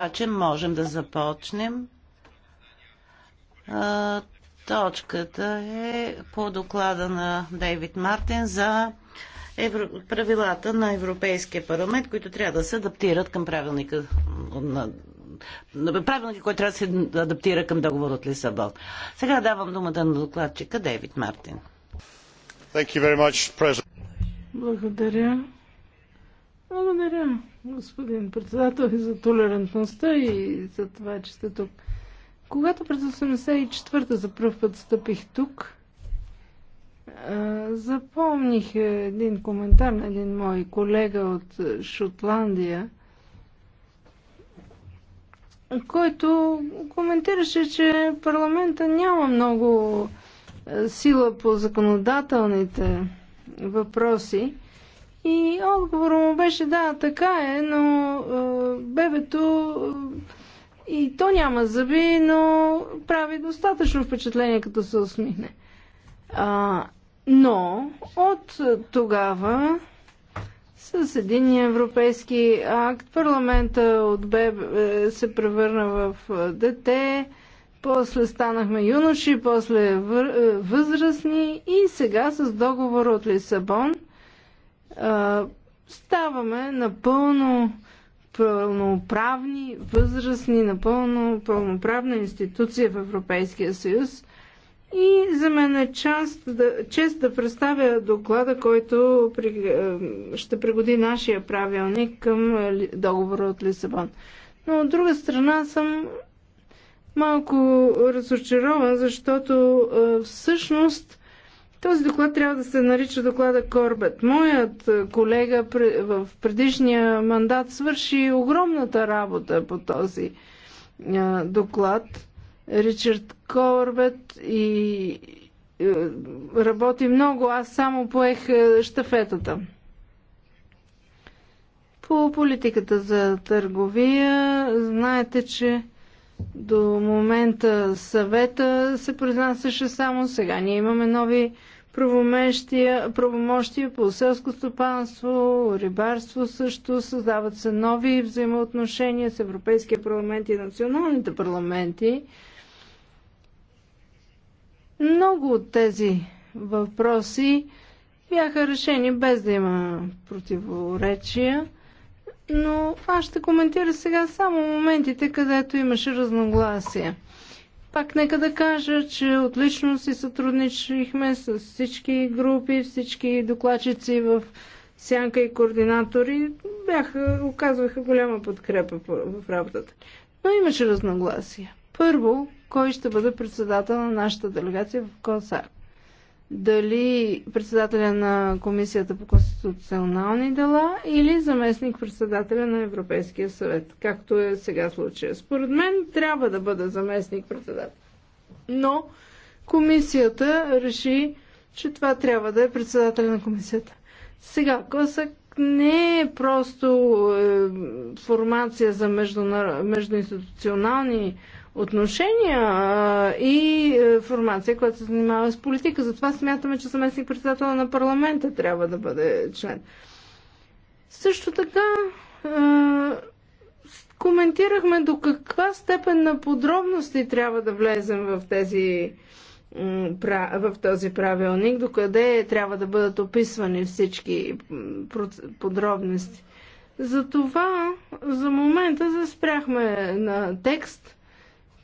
Обаче можем да започнем. точката е по доклада на Дейвид Мартин за евро... правилата на Европейския парламент, които трябва да се адаптират към правилника на правилника, който трябва да се адаптира към договор от Лисабон. Сега давам думата на докладчика Дейвид Мартин. Благодаря, благодаря, господин председател, и за толерантността и за това, че сте тук. Когато през 84-та за първ път стъпих тук, запомних един коментар на един мой колега от Шотландия, който коментираше, че парламента няма много сила по законодателните въпроси и отговорът му беше да, така е, но е, бебето е, и то няма зъби, но прави достатъчно впечатление, като се усмихне. А, но от тогава с един европейски акт парламента от БЕБ е, се превърна в е, дете, после станахме юноши, после е, възрастни и сега с договор от Лисабон ставаме напълно пълноправни, възрастни, напълно пълноправна институция в Европейския съюз. И за мен е част да, чест да представя доклада, който при, е, ще пригоди нашия правилник към е, договора от Лисабон. Но от друга страна съм малко разочарован, защото е, всъщност този доклад трябва да се нарича доклада Корбет. Моят е, колега в предишния мандат свърши огромната работа по този е, доклад. Ричард Корбет и е, работи много, аз само поех штафетата. По политиката за търговия, знаете, че до момента съвета се произнасяше само сега. Ние имаме нови правомощия, по селско стопанство, рибарство също. Създават се нови взаимоотношения с Европейския парламент и националните парламенти. Много от тези въпроси бяха решени без да има противоречия но аз ще коментира сега само моментите, където имаше разногласия. Пак нека да кажа, че отлично си сътрудничихме с всички групи, всички докладчици в Сянка и координатори бяха, оказваха голяма подкрепа в работата. Но имаше разногласия. Първо, кой ще бъде председател на нашата делегация в Косак? дали председателя на Комисията по конституционални дела или заместник председателя на Европейския съвет, както е сега случая. Според мен трябва да бъде заместник председател. Но комисията реши, че това трябва да е председателя на комисията. Сега, Косък не е просто е, формация за междуна... междуинституционални отношения и е, информация, която се занимава с политика. Затова смятаме, че съместник председател на парламента трябва да бъде член. Също така е, коментирахме до каква степен на подробности трябва да влезем в тези в този правилник, докъде трябва да бъдат описвани всички подробности. Затова за момента заспряхме на текст,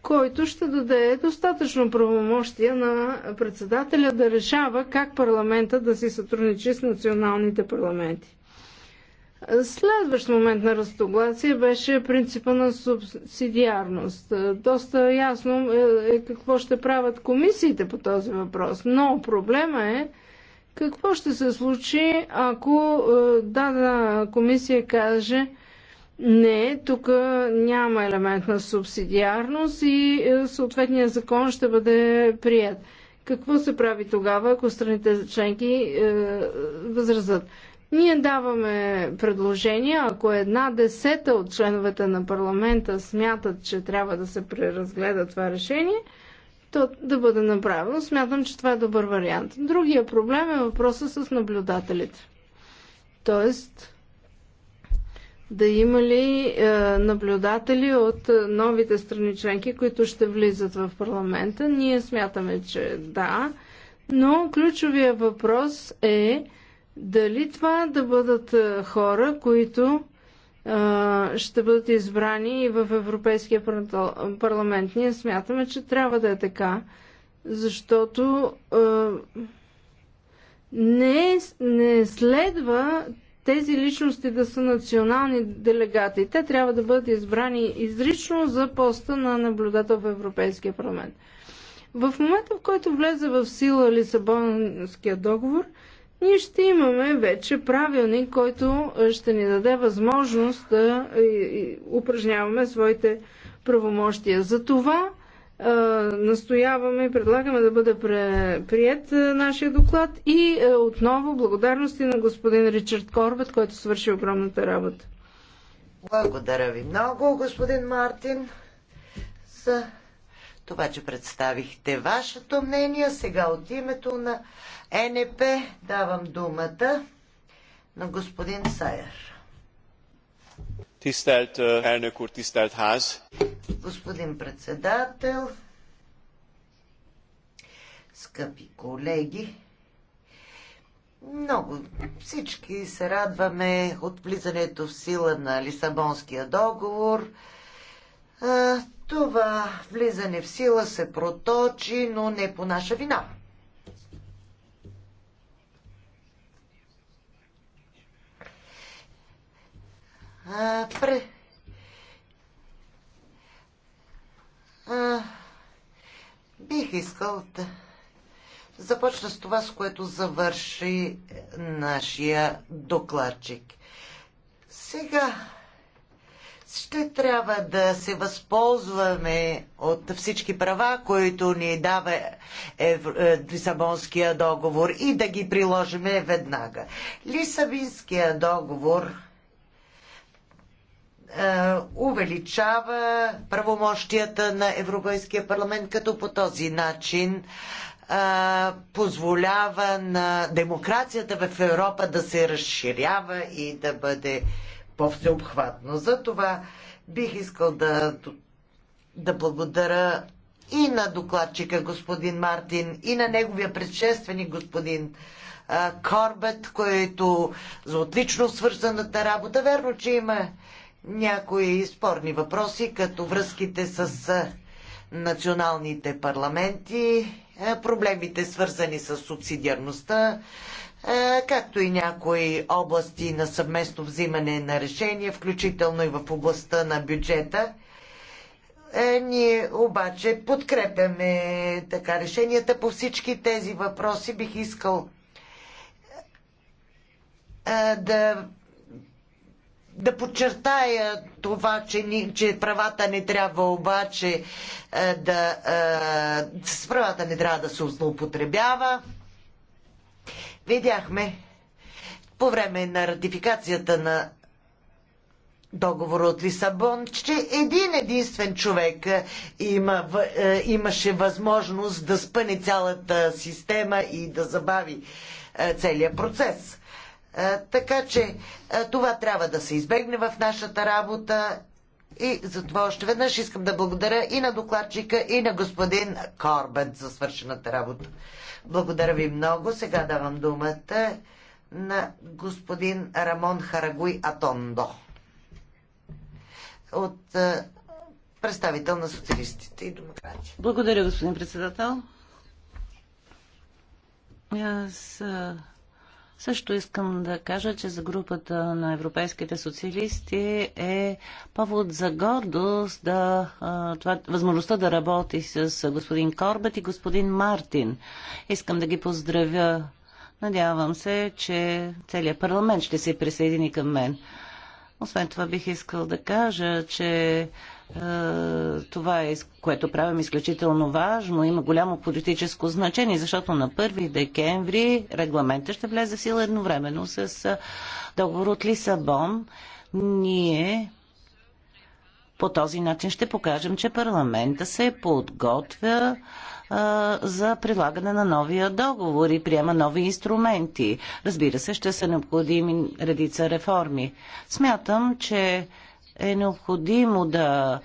който ще даде достатъчно правомощия на председателя да решава как парламента да си сътрудничи с националните парламенти. Следващ момент на разтогласие беше принципа на субсидиарност. Доста ясно е, е какво ще правят комисиите по този въпрос, но проблема е какво ще се случи, ако е, дадена комисия каже – не, тук няма елемент на субсидиарност и е, съответният закон ще бъде прият. Какво се прави тогава, ако страните членки е, възразат? Ние даваме предложения, ако една десета от членовете на парламента смятат, че трябва да се преразгледа това решение, то да бъде направено. Смятам, че това е добър вариант. Другия проблем е въпроса с наблюдателите. Тоест, да има ли е, наблюдатели от е, новите страни членки, които ще влизат в парламента. Ние смятаме, че да, но ключовия въпрос е дали това да бъдат е, хора, които ще бъдат избрани и в Европейския парламент. Ние смятаме, че трябва да е така, защото не, не следва тези личности да са национални делегати. Те трябва да бъдат избрани изрично за поста на наблюдател в Европейския парламент. В момента, в който влезе в сила Лисабонския договор, ние ще имаме вече правилник, който е, ще ни даде възможност да упражняваме своите правомощия. За това настояваме и предлагаме да бъде прият нашия доклад и отново благодарности на господин Ричард Корбет, който свърши огромната работа. Благодаря ви много, господин Мартин, за това, че представихте вашето мнение. Сега от името на НП давам думата на господин Сайер. Tisztelt elnök úr, tisztelt ház! Господин председател, скъпи колеги, много всички се радваме от влизането в сила на Лисабонския договор. Това влизане в сила се проточи, но не по наша вина. а, пре... а, бих искал да започна с това, с което завърши нашия докладчик. Сега ще трябва да се възползваме от всички права, които ни дава е, Лисабонския договор и да ги приложиме веднага. Лисабинския договор е, увеличава правомощията на Европейския парламент, като по този начин е, позволява на демокрацията в Европа да се разширява и да бъде по-всеобхватно. За това бих искал да, да благодаря и на докладчика господин Мартин, и на неговия предшественик господин е, Корбет, който за отлично свързаната работа. Верно, че има някои спорни въпроси, като връзките с националните парламенти, проблемите свързани с субсидиарността, както и някои области на съвместно взимане на решения, включително и в областта на бюджета. Е, ние обаче подкрепяме така решенията по всички тези въпроси. Бих искал да да подчертая това, че, ни, че правата не трябва обаче е, да. Е, с правата не трябва да се злоупотребява. Видяхме по време на ратификацията на договора от Лисабон, че един единствен човек е, има, имаше възможност да спъне цялата система и да забави целият процес. Е, така че е, това трябва да се избегне в нашата работа и за това още веднъж искам да благодаря и на докладчика, и на господин Корбен за свършената работа. Благодаря ви много. Сега давам думата на господин Рамон Харагуй Атондо от е, представител на социалистите и демократи. Благодаря, господин председател. Аз също искам да кажа, че за групата на европейските социалисти е повод за гордост да, това, възможността да работи с господин Корбет и господин Мартин. Искам да ги поздравя. Надявам се, че целият парламент ще се присъедини към мен. Освен това бих искал да кажа, че е, това е, което правим изключително важно, има голямо политическо значение, защото на 1 декември регламента ще влезе в сила едновременно с е, договор от Лисабон. Ние по този начин ще покажем, че парламента се подготвя е, за прилагане на новия договор и приема нови инструменти. Разбира се, ще са необходими редица реформи. Смятам, че е необходимо да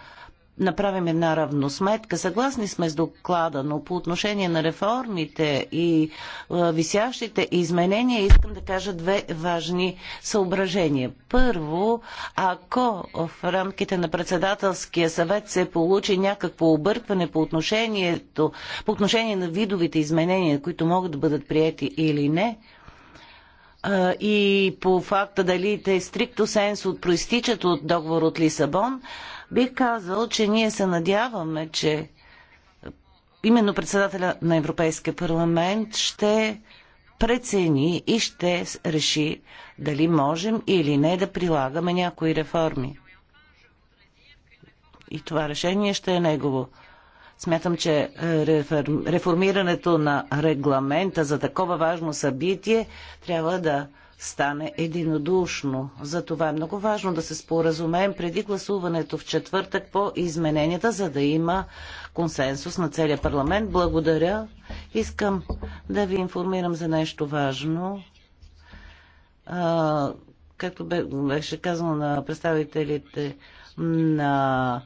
направим една равносметка. Съгласни сме с доклада, но по отношение на реформите и висящите изменения искам да кажа две важни съображения. Първо, ако в рамките на председателския съвет се получи някакво объркване по, отношението, по отношение на видовите изменения, които могат да бъдат приети или не, и по факта дали те стрикто сенс от проистичат от договор от Лисабон, бих казал, че ние се надяваме, че именно председателя на Европейския парламент ще прецени и ще реши дали можем или не да прилагаме някои реформи. И това решение ще е негово. Смятам, че е, реформирането на регламента за такова важно събитие трябва да стане единодушно. Затова е много важно да се споразумеем преди гласуването в четвъртък по измененията, за да има консенсус на целия парламент. Благодаря. Искам да ви информирам за нещо важно. А, както беше казано на представителите на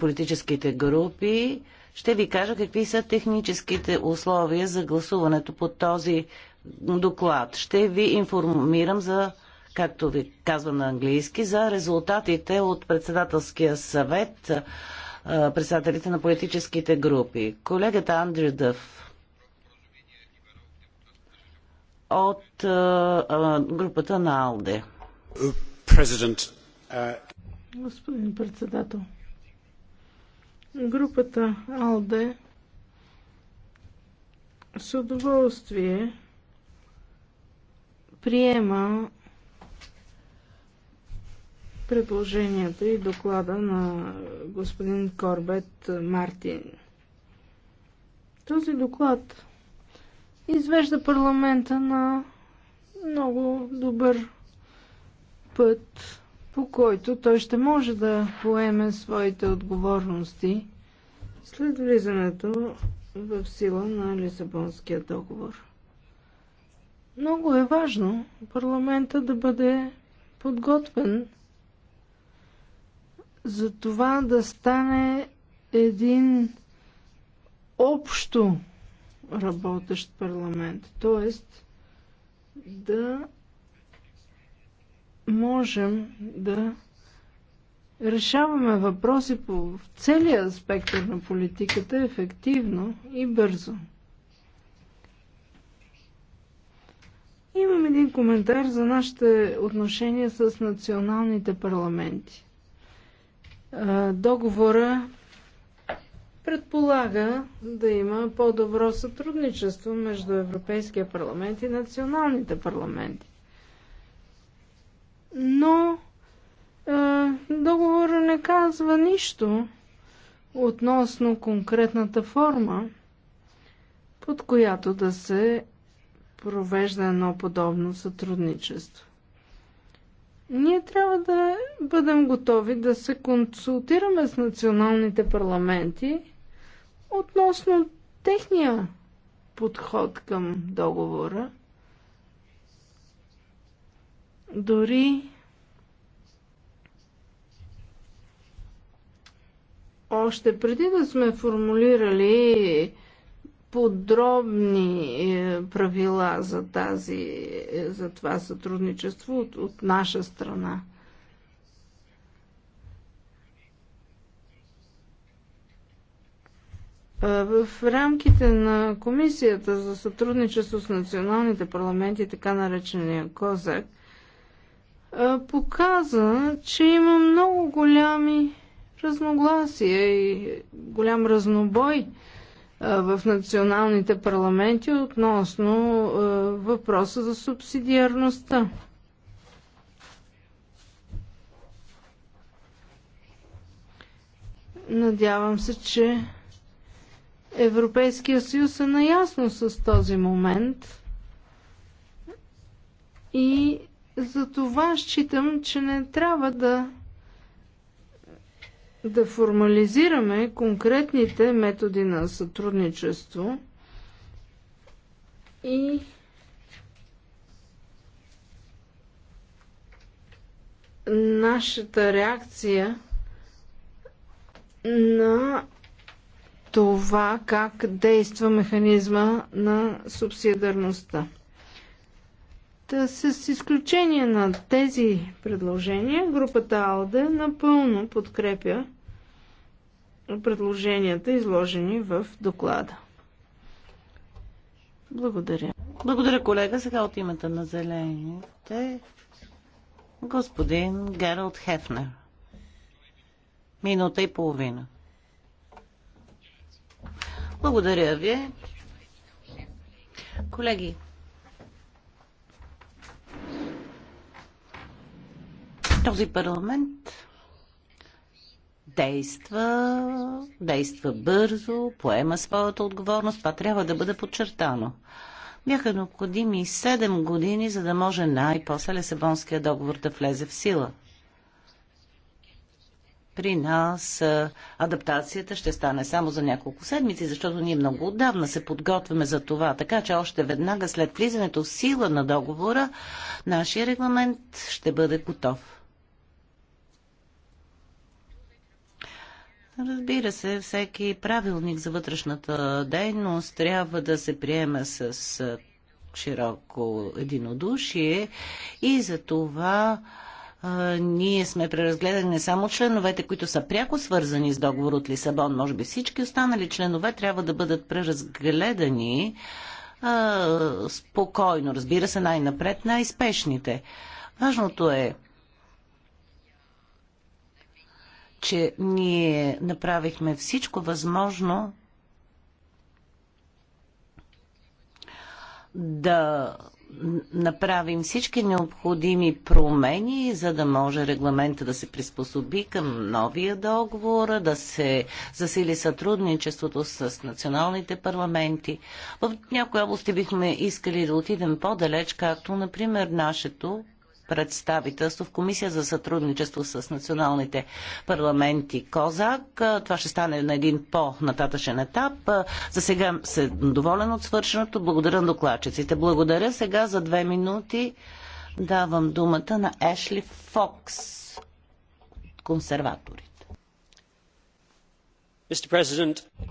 политическите групи. Ще ви кажа какви са техническите условия за гласуването по този доклад. Ще ви информирам за, както ви казвам на английски, за резултатите от председателския съвет, председателите на политическите групи. Колегата Андрю Дъв от групата на АЛДЕ. Uh, Господин председател, Групата АЛДЕ с удоволствие приема предложенията и доклада на господин Корбет Мартин. Този доклад извежда парламента на много добър път по който той ще може да поеме своите отговорности след влизането в сила на Лисабонския договор. Много е важно парламента да бъде подготвен за това да стане един общо работещ парламент, Тоест да можем да решаваме въпроси по целия спектър на политиката ефективно и бързо. Имам един коментар за нашите отношения с националните парламенти. Договора предполага да има по-добро сътрудничество между Европейския парламент и националните парламенти. казва нищо относно конкретната форма, под която да се провежда едно подобно сътрудничество. Ние трябва да бъдем готови да се консултираме с националните парламенти относно техния подход към договора. Дори още преди да сме формулирали подробни е, правила за, тази, е, за това сътрудничество от, от наша страна. Е, в рамките на Комисията за сътрудничество с националните парламенти, така наречения Козак, показа, че има много голями разногласие и голям разнобой в националните парламенти относно въпроса за субсидиарността. Надявам се, че Европейския съюз е наясно с този момент и за това считам, че не трябва да да формализираме конкретните методи на сътрудничество и нашата реакция на това как действа механизма на субсидарността. Та, с изключение на тези предложения, групата АЛДЕ напълно подкрепя предложенията, изложени в доклада. Благодаря. Благодаря, колега. Сега от името на зелените господин Гералд Хефнер. Минута и половина. Благодаря ви. Колеги, Този парламент действа, действа бързо, поема своята отговорност. Това трябва да бъде подчертано. Бяха необходими 7 години, за да може най-после Лесабонския договор да влезе в сила. При нас адаптацията ще стане само за няколко седмици, защото ние много отдавна се подготвяме за това. Така че още веднага след влизането в сила на договора, нашия регламент ще бъде готов. Разбира се, всеки правилник за вътрешната дейност трябва да се приема с широко единодушие и за това ние сме преразгледали не само членовете, които са пряко свързани с договор от Лисабон, може би всички останали членове трябва да бъдат преразгледани а, спокойно, разбира се, най-напред най-спешните. Важното е че ние направихме всичко възможно да направим всички необходими промени, за да може регламента да се приспособи към новия договор, да се засили сътрудничеството с националните парламенти. В някои области бихме искали да отидем по-далеч, както, например, нашето представителство в Комисия за сътрудничество с националните парламенти Козак. Това ще стане на един по-нататъчен етап. За сега се доволен от свършеното. Благодаря на докладчиците. Благодаря сега за две минути. Давам думата на Ешли Фокс, консерваторите.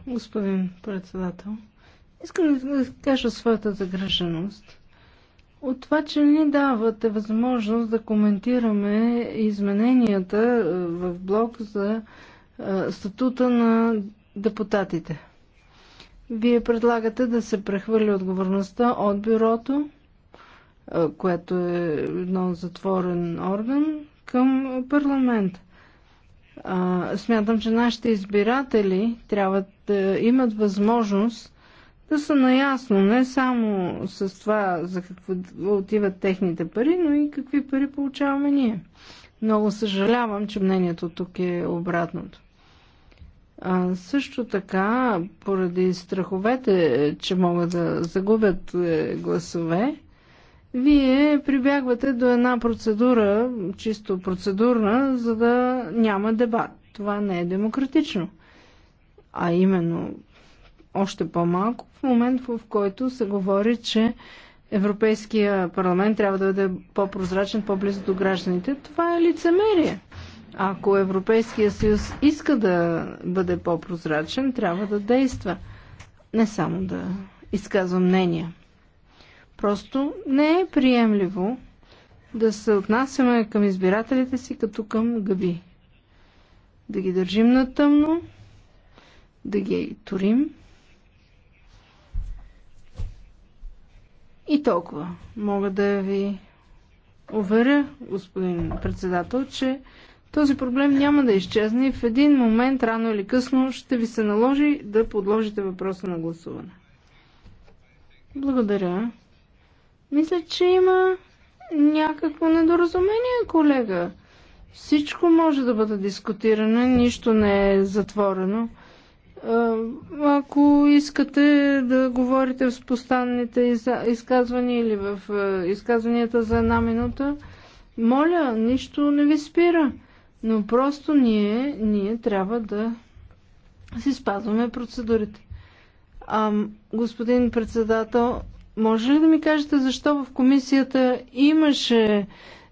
Господин председател, искам да кажа своята загреженост. От това, че ни давате възможност да коментираме измененията е, в блок за е, статута на депутатите. Вие предлагате да се прехвърли отговорността от бюрото, е, което е едно затворен орган, към парламент. Смятам, че нашите избиратели трябва да имат възможност да са наясно не само с това за какво отиват техните пари, но и какви пари получаваме ние. Много съжалявам, че мнението тук е обратното. А, също така, поради страховете, че могат да загубят е, гласове, вие прибягвате до една процедура, чисто процедурна, за да няма дебат. Това не е демократично. А именно още по-малко в момент, в който се говори, че Европейския парламент трябва да бъде по-прозрачен, по-близо до гражданите. Това е лицемерие. Ако Европейския съюз иска да бъде по-прозрачен, трябва да действа. Не само да изказва мнения. Просто не е приемливо да се отнасяме към избирателите си като към гъби. Да ги държим на тъмно, да ги турим И толкова. Мога да ви уверя, господин председател, че този проблем няма да изчезне и в един момент, рано или късно, ще ви се наложи да подложите въпроса на гласуване. Благодаря. Мисля, че има някакво недоразумение, колега. Всичко може да бъде дискутирано, нищо не е затворено. Ако искате да говорите в спостанните изказвания или в изказванията за една минута, моля, нищо не ви спира. Но просто ние, ние трябва да си спазваме процедурите. А, господин председател, може ли да ми кажете защо в комисията имаше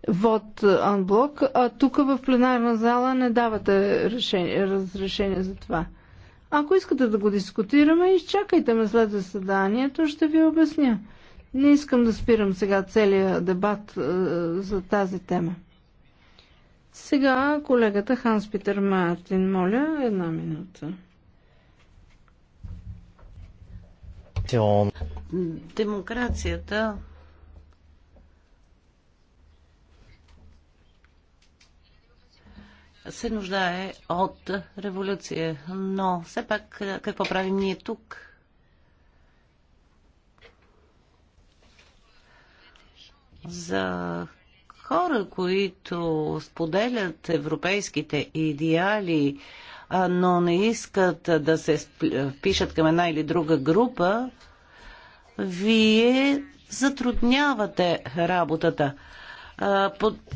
вод анблок, а тук в пленарна зала не давате решение, разрешение за това? Ако искате да го дискутираме, изчакайте ме след заседанието, ще ви обясня. Не искам да спирам сега целия дебат е, за тази тема. Сега колегата Ханс Питер Мартин, моля, една минута. Демокрацията се нуждае от революция. Но все пак какво правим ние тук? За хора, които споделят европейските идеали, но не искат да се впишат към една или друга група, вие затруднявате работата.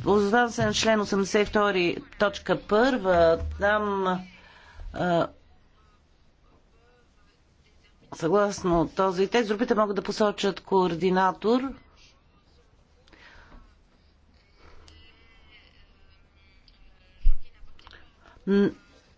Позвам се на член 82, точка 1. Там а, съгласно този текст, групите могат да посочат координатор.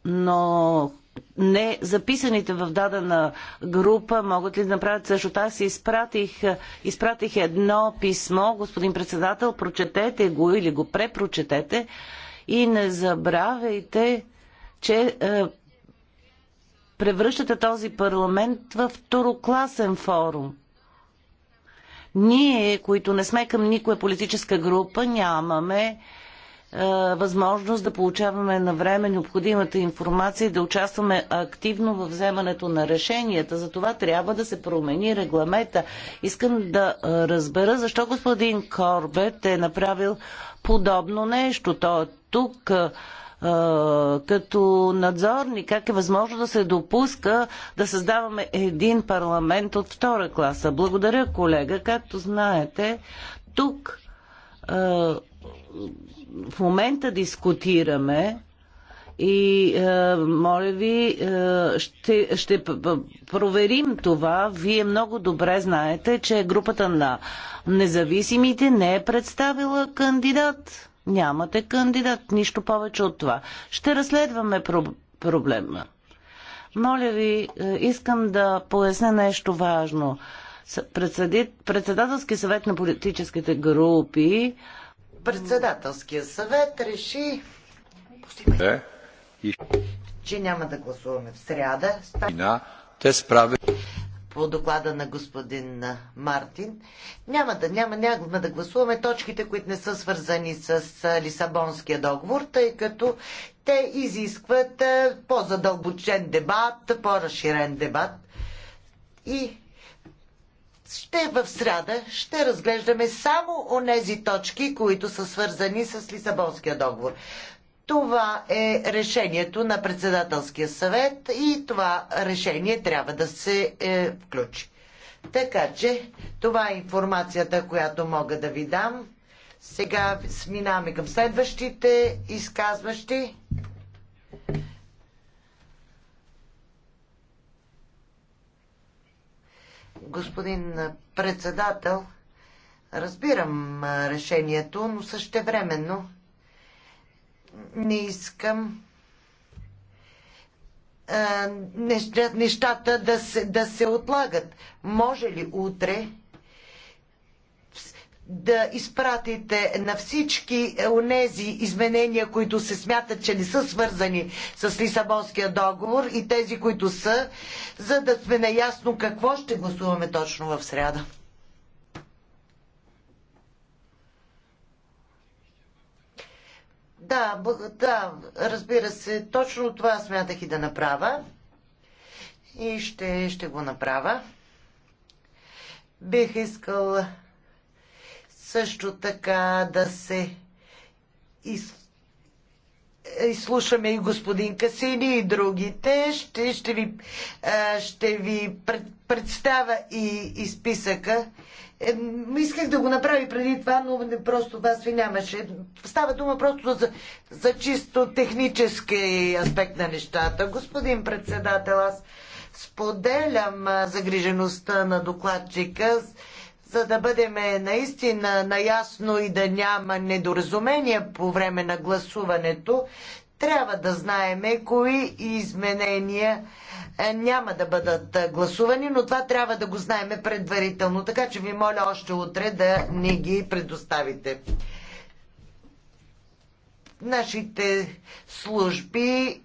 Но не записаните в дадена група могат ли да направят същото. Аз изпратих, изпратих едно писмо, господин председател, прочетете го или го препрочетете и не забравяйте, че е, превръщате този парламент в второкласен форум. Ние, които не сме към никоя политическа група, нямаме е, възможност да получаваме на време необходимата информация и да участваме активно в вземането на решенията. За това трябва да се промени регламента. Искам да е, разбера защо господин Корбет е направил подобно нещо. То е тук е, като надзорни, как е възможно да се допуска да създаваме един парламент от втора класа. Благодаря, колега. Както знаете, тук в момента дискутираме и е, моля ви, е, ще, ще проверим това. Вие много добре знаете, че групата на независимите не е представила кандидат. Нямате кандидат, нищо повече от това. Ще разследваме про- проблема. Моля ви, е, искам да поясня нещо важно. Председателски съвет на политическите групи Председателския съвет реши, е, че няма да гласуваме в сряда. Те справят по доклада на господин Мартин. Няма да, няма, няма да гласуваме точките, които не са свързани с Лисабонския договор, тъй като те изискват по-задълбочен дебат, по-разширен дебат. И ще в среда ще разглеждаме само онези точки, които са свързани с Лисабонския договор. Това е решението на председателския съвет и това решение трябва да се е, включи. Така че това е информацията, която мога да ви дам. Сега сминаваме към следващите изказващи. господин председател. Разбирам решението, но същевременно не искам нещата да се, да се отлагат. Може ли утре да изпратите на всички онези изменения, които се смятат, че не са свързани с Лисабонския договор и тези, които са, за да сме наясно какво ще гласуваме точно в среда. Да, да, разбира се, точно това смятах и да направя. И ще, ще го направя. Бих искал също така да се из... изслушаме и господин Касини и другите. Ще, ще ви, ще ви пред, представя и, и списъка. Е, исках да го направя преди това, но не, просто вас ви нямаше. Става дума просто за, за чисто технически аспект на нещата. Господин председател, аз споделям загрижеността на докладчика за да бъдем наистина наясно и да няма недоразумения по време на гласуването, трябва да знаеме кои изменения е, няма да бъдат гласувани, но това трябва да го знаеме предварително. Така че ви моля още утре да не ги предоставите. Нашите служби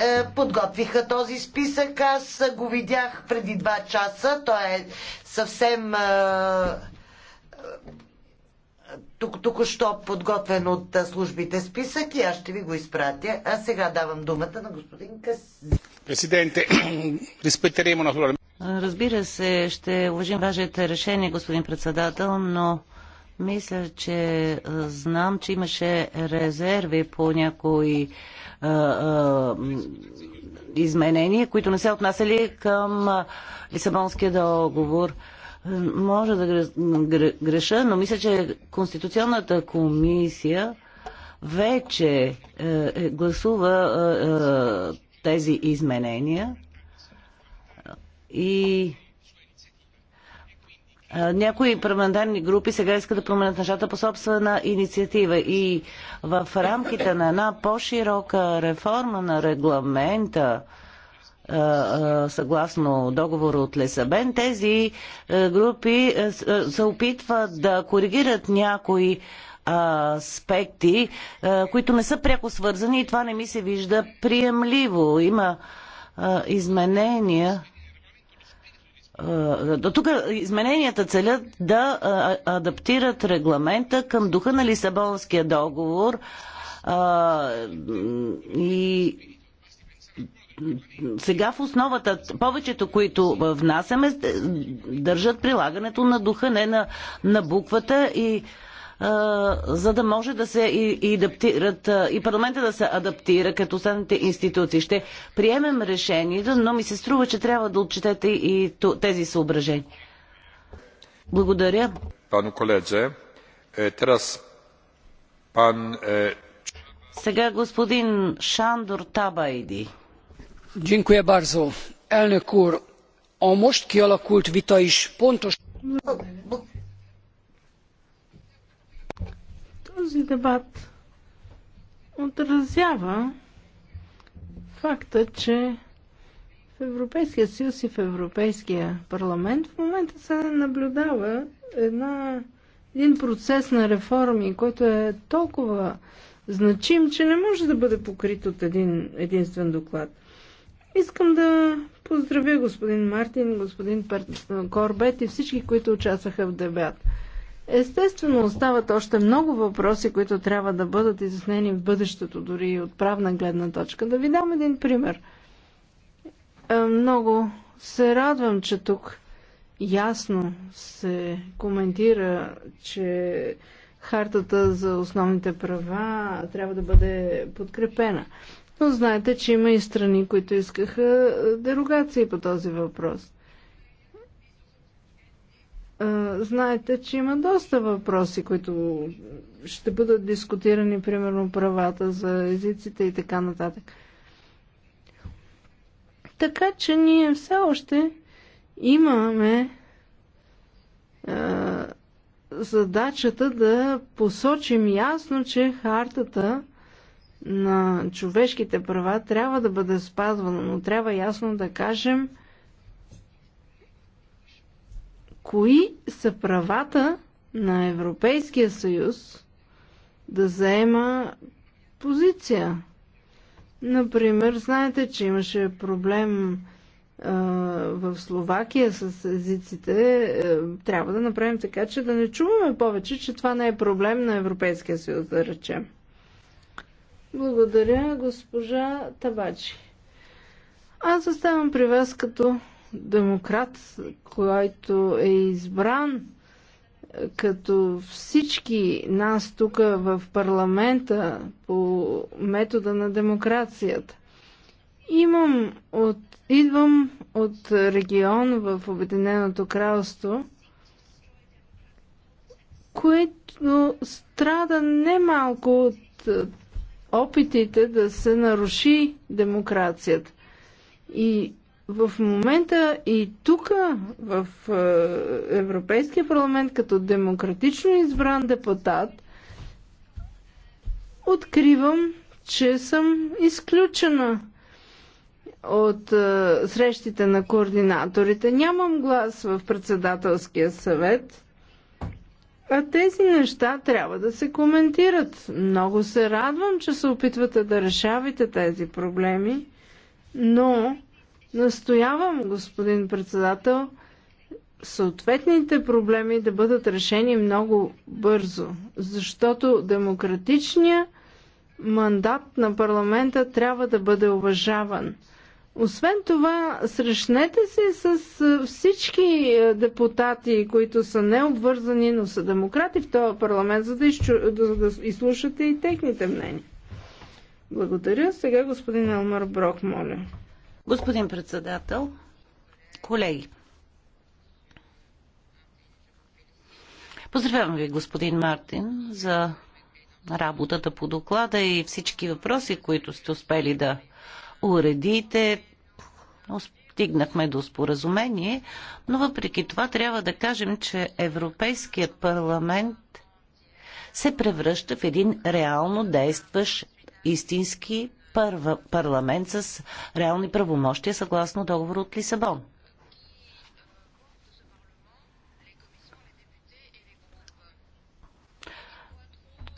е, подготвиха този списък. Аз го видях преди два часа. Той е съвсем е, е, току-що подготвен от службите списък и аз ще ви го изпратя. А сега давам думата на господин Къс. Президенте, на Разбира се, ще уважим вашето решения, господин председател, но мисля, че знам, че имаше резерви по някои изменения, които не се отнасяли към Лисабонския договор. Може да греша, но мисля, че Конституционната комисия вече е, е гласува е, е, тези изменения и някои парламентарни групи сега искат да променят нещата по собствена инициатива и в рамките на една по-широка реформа на регламента съгласно договора от Лесабен, тези групи се опитват да коригират някои аспекти, които не са пряко свързани и това не ми се вижда приемливо. Има изменения до е, тук измененията целят да е, адаптират регламента към духа на Лисабонския договор а, е, и сега в основата, повечето, които внасяме, държат прилагането на духа, не на, на буквата и за да може да се и, и, адаптират, и парламента да се адаптира като останалите институции. Ще приемем решението, но ми се струва, че трябва да отчетете и тези съображения. Благодаря. Пану коледже, е, тераз пан... Е... Сега господин Шандор Табайди. Dziękuję bardzo. Елнекур, а мощ most kialakult vita is pontos... Този дебат отразява факта, че в Европейския съюз и в Европейския парламент в момента се наблюдава една, един процес на реформи, който е толкова значим, че не може да бъде покрит от един единствен доклад. Искам да поздравя господин Мартин, господин Корбет и всички, които участваха в дебата. Естествено, остават още много въпроси, които трябва да бъдат изяснени в бъдещето, дори и от правна гледна точка. Да ви дам един пример. Е, много се радвам, че тук ясно се коментира, че хартата за основните права трябва да бъде подкрепена. Но знаете, че има и страни, които искаха е, дерогации по този въпрос знаете, че има доста въпроси, които ще бъдат дискутирани, примерно правата за езиците и така нататък. Така че ние все още имаме а, задачата да посочим ясно, че хартата на човешките права трябва да бъде спазвана, но трябва ясно да кажем, кои са правата на Европейския съюз да заема позиция. Например, знаете, че имаше проблем в Словакия с езиците. Е, трябва да направим така, че да не чуваме повече, че това не е проблем на Европейския съюз, да речем. Благодаря, госпожа Табачи. Аз оставам при вас като демократ, който е избран е, като всички нас тук в парламента по метода на демокрацията. Имам от, идвам от регион в Обединеното кралство, което страда немалко от е, опитите да се наруши демокрацията. И в момента и тук в е, Европейския парламент като демократично избран депутат откривам, че съм изключена от е, срещите на координаторите. Нямам глас в председателския съвет. А тези неща трябва да се коментират. Много се радвам, че се опитвате да решавате тези проблеми, но Настоявам, господин председател, съответните проблеми да бъдат решени много бързо, защото демократичният мандат на парламента трябва да бъде уважаван. Освен това, срещнете се с всички депутати, които са необвързани, но са демократи в този парламент, за да, изчу... да изслушате и техните мнения. Благодаря. Сега господин Елмар Брок, моля. Господин председател, колеги, поздравявам ви, господин Мартин, за работата по доклада и всички въпроси, които сте успели да уредите. Стигнахме до споразумение, но въпреки това трябва да кажем, че Европейският парламент се превръща в един реално действащ истински първа, парламент с реални правомощия съгласно договор от Лисабон.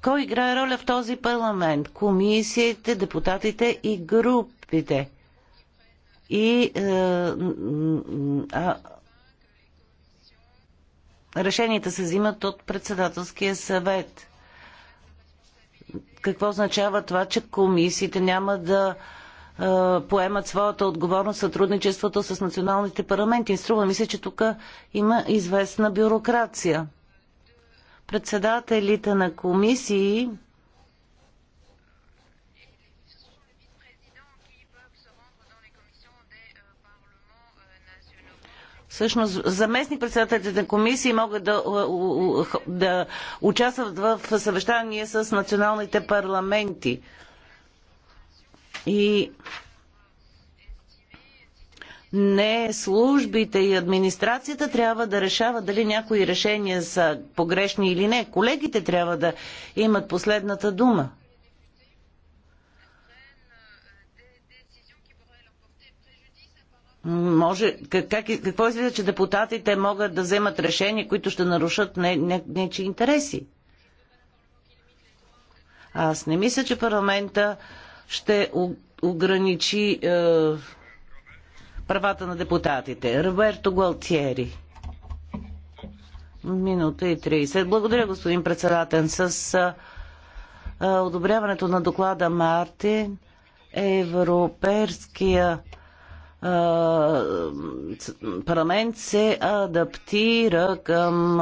Кой играе роля в този парламент? Комисиите, депутатите и групите. И е, а, решенията се взимат от председателския съвет. Какво означава това, че комисиите няма да поемат своята отговорност сътрудничеството с националните парламенти. Струва ми се, че тук има известна бюрокрация. Председателите на комисии Всъщност, заместни председателите на комисии могат да, да участват в съвещание с националните парламенти. И не службите и администрацията трябва да решават дали някои решения са погрешни или не. Колегите трябва да имат последната дума. може, как, какво излиза, че депутатите могат да вземат решения, които ще нарушат нечи интереси? Аз не мисля, че парламента ще ограничи е, правата на депутатите. Роберто Гуалтиери. Минута и 30. Благодаря, господин председател. С е, е, одобряването на доклада Мартин, Европейския парламент се адаптира към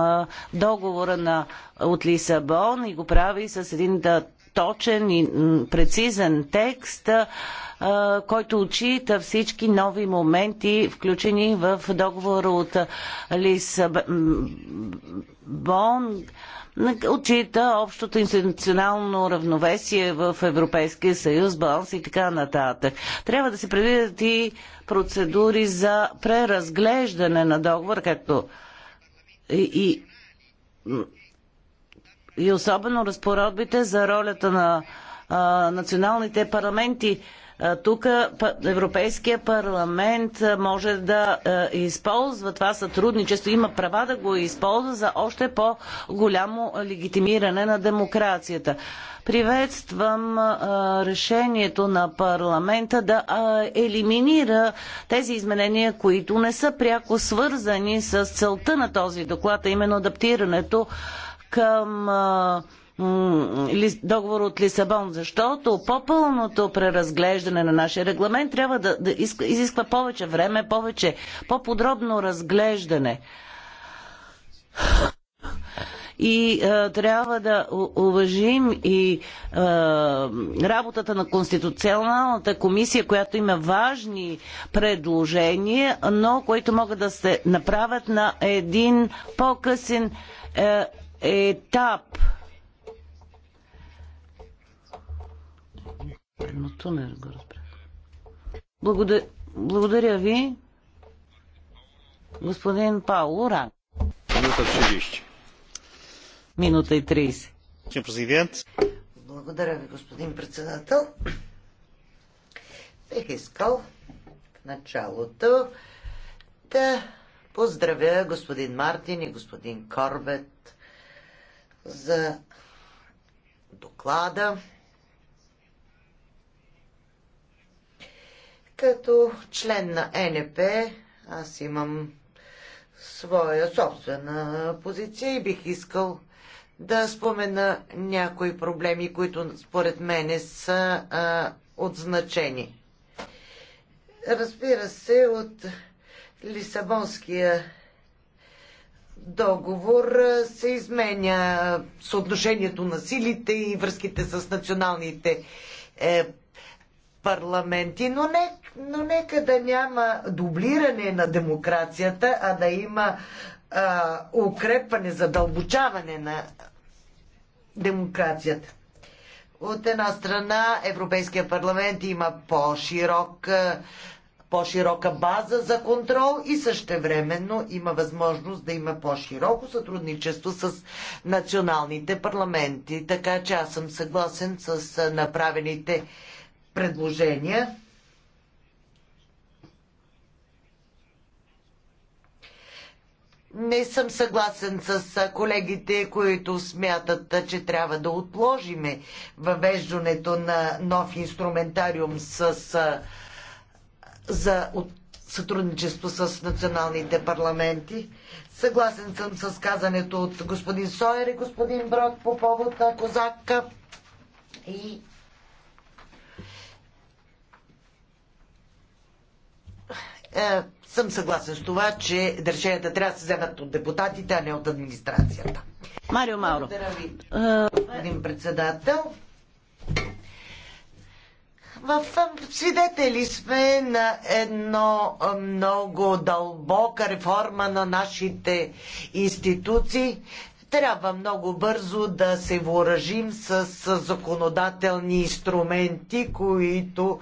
договора на, от Лисабон и го прави с един точен и прецизен текст, който отчита всички нови моменти, включени в договора от Лисабон, отчита общото институционално равновесие в Европейския съюз, баланс и така нататък. Трябва да се предвидят и процедури за преразглеждане на договор, както и, и и особено разпоредбите за ролята на а, националните парламенти. Тук Европейския парламент може да използва това сътрудничество, има права да го използва за още по-голямо легитимиране на демокрацията. Приветствам решението на парламента да елиминира тези изменения, които не са пряко свързани с целта на този доклад, а именно адаптирането към договор от Лисабон, защото по-пълното преразглеждане на нашия регламент трябва да, да изисква повече време, повече, по-подробно разглеждане. И трябва да уважим и работата на Конституционалната комисия, която има важни предложения, но които могат да се направят на един по-късен е, етап. Но не го разбрах. Благодаря, благодаря ви, господин Пауло Ран. Минута 30. Минута и 30. Президент. Благодаря ви, господин председател. Бих искал в началото да поздравя господин Мартин и господин Корбет за доклада. Като член на НП аз имам своя собствена позиция и бих искал да спомена някои проблеми, които според мене са а, от Разбира се, от Лисабонския договор се изменя съотношението на силите и връзките с националните е, парламенти, но, не, но нека да няма дублиране на демокрацията, а да има е, укрепване, задълбочаване на демокрацията. От една страна Европейския парламент има по-широк по-широка база за контрол и същевременно има възможност да има по-широко сътрудничество с националните парламенти. Така че аз съм съгласен с направените предложения. Не съм съгласен с колегите, които смятат, че трябва да отложиме въвеждането на нов инструментариум с за сътрудничество с националните парламенти. Съгласен съм с казането от господин Сойер и господин Брод по повод на Козакка и е, съм съгласен с това, че решенията трябва да се вземат от депутатите, а не от администрацията. Марио Мауро. Благодаря ви, господин председател. В свидетели сме на едно много дълбока реформа на нашите институции. Трябва много бързо да се въоръжим с, с законодателни инструменти, които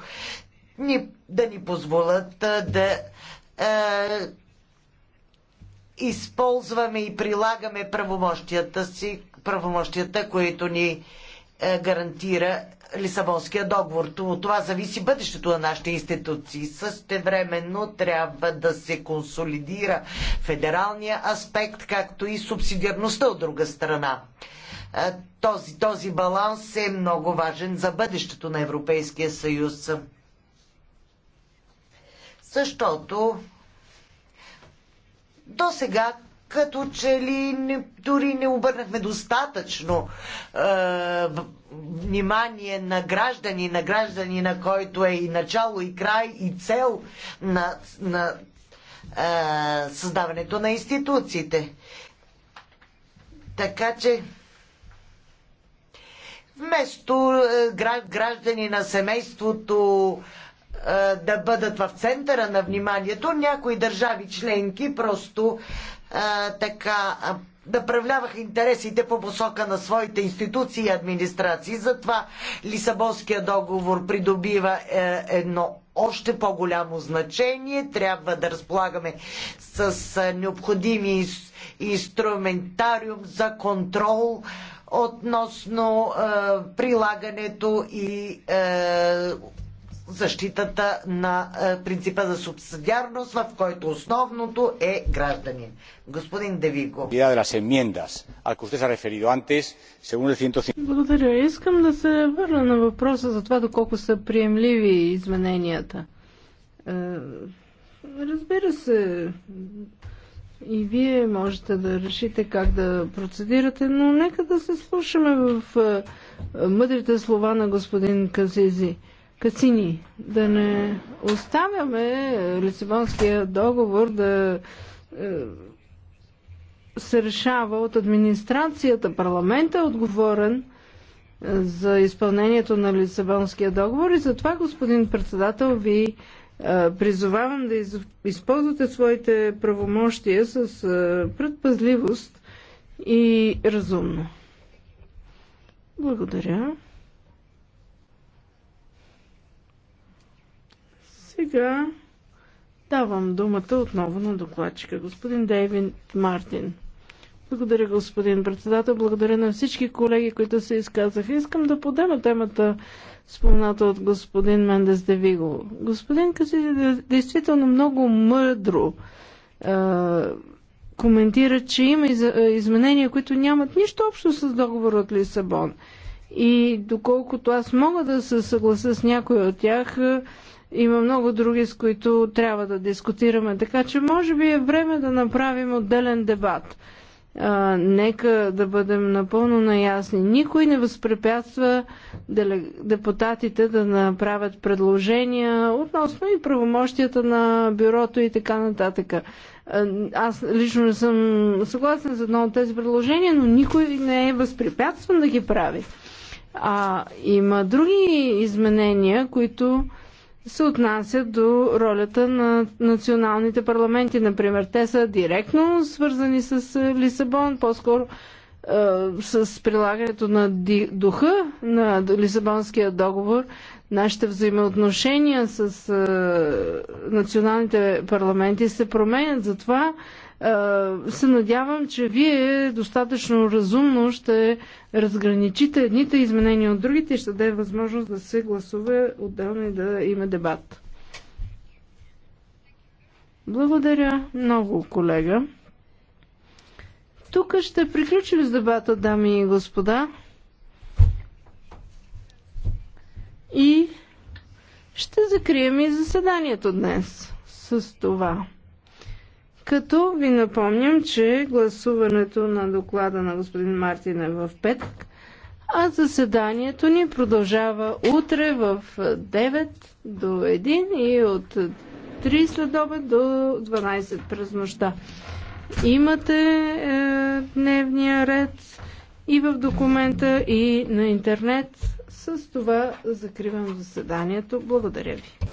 ни, да ни позволят да е, използваме и прилагаме правомощията си, правомощията, които ни е, гарантира Лисабонския договор. Това зависи бъдещето на нашите институции. Същевременно трябва да се консолидира федералния аспект, както и субсидиарността от друга страна. Този, този баланс е много важен за бъдещето на Европейския съюз. Защото до сега като че ли не, дори не обърнахме достатъчно внимание на граждани, на граждани, на който е и начало, и край, и цел на, на е, създаването на институциите. Така че вместо е, граждани на семейството е, да бъдат в центъра на вниманието, някои държави членки просто е, така направляваха интересите по посока на своите институции и администрации. Затова Лисабонския договор придобива е, едно още по-голямо значение. Трябва да разполагаме с е, необходими инструментариум за контрол относно е, прилагането и е, защитата на е, принципа за субсидиарност, в който основното е гражданин. Господин Девико. Благодаря. Искам да се върна на въпроса за това доколко са приемливи измененията. Е, разбира се, и вие можете да решите как да процедирате, но нека да се слушаме в е, мъдрите слова на господин Казизи. Касини, да не оставяме Лисабонския договор да е, се решава от администрацията. Парламента е отговорен е, за изпълнението на Лисабонския договор и затова, господин председател, ви е, призовавам да използвате своите правомощия с предпазливост и разумно. Благодаря. Сега давам думата отново на докладчика, господин Дейвин Мартин. Благодаря, господин председател. Благодаря на всички колеги, които се изказаха. Искам да подема темата, спомната от господин Мендес Девиго. Господин Каси действително много мъдро е, коментира, че има изменения, които нямат нищо общо с договора от Лисабон. И доколкото аз мога да се съглася с някой от тях, има много други, с които трябва да дискутираме, така че може би е време да направим отделен дебат. А, нека да бъдем напълно наясни. Никой не възпрепятства депутатите да направят предложения относно и правомощията на бюрото и така нататък. Аз лично не съм съгласен за едно от тези предложения, но никой не е възпрепятстван да ги прави. А има други изменения, които се отнася до ролята на националните парламенти, например. Те са директно свързани с е, Лисабон, по-скоро е, с прилагането на духа на Лисабонския договор, нашите взаимоотношения с е, националните парламенти се променят. Затова е, се надявам, че вие достатъчно разумно ще разграничите едните изменения от другите и ще даде възможност да се гласува отделно и да има дебат. Благодаря много, колега. Тук ще приключим с дебата, дами и господа. И ще закрием и заседанието днес с това. Като ви напомням, че гласуването на доклада на господин Мартин е в петък, а заседанието ни продължава утре в 9 до 1 и от 3 след обед до 12 през нощта. Имате е, дневния ред и в документа, и на интернет. С това закривам заседанието. Благодаря ви.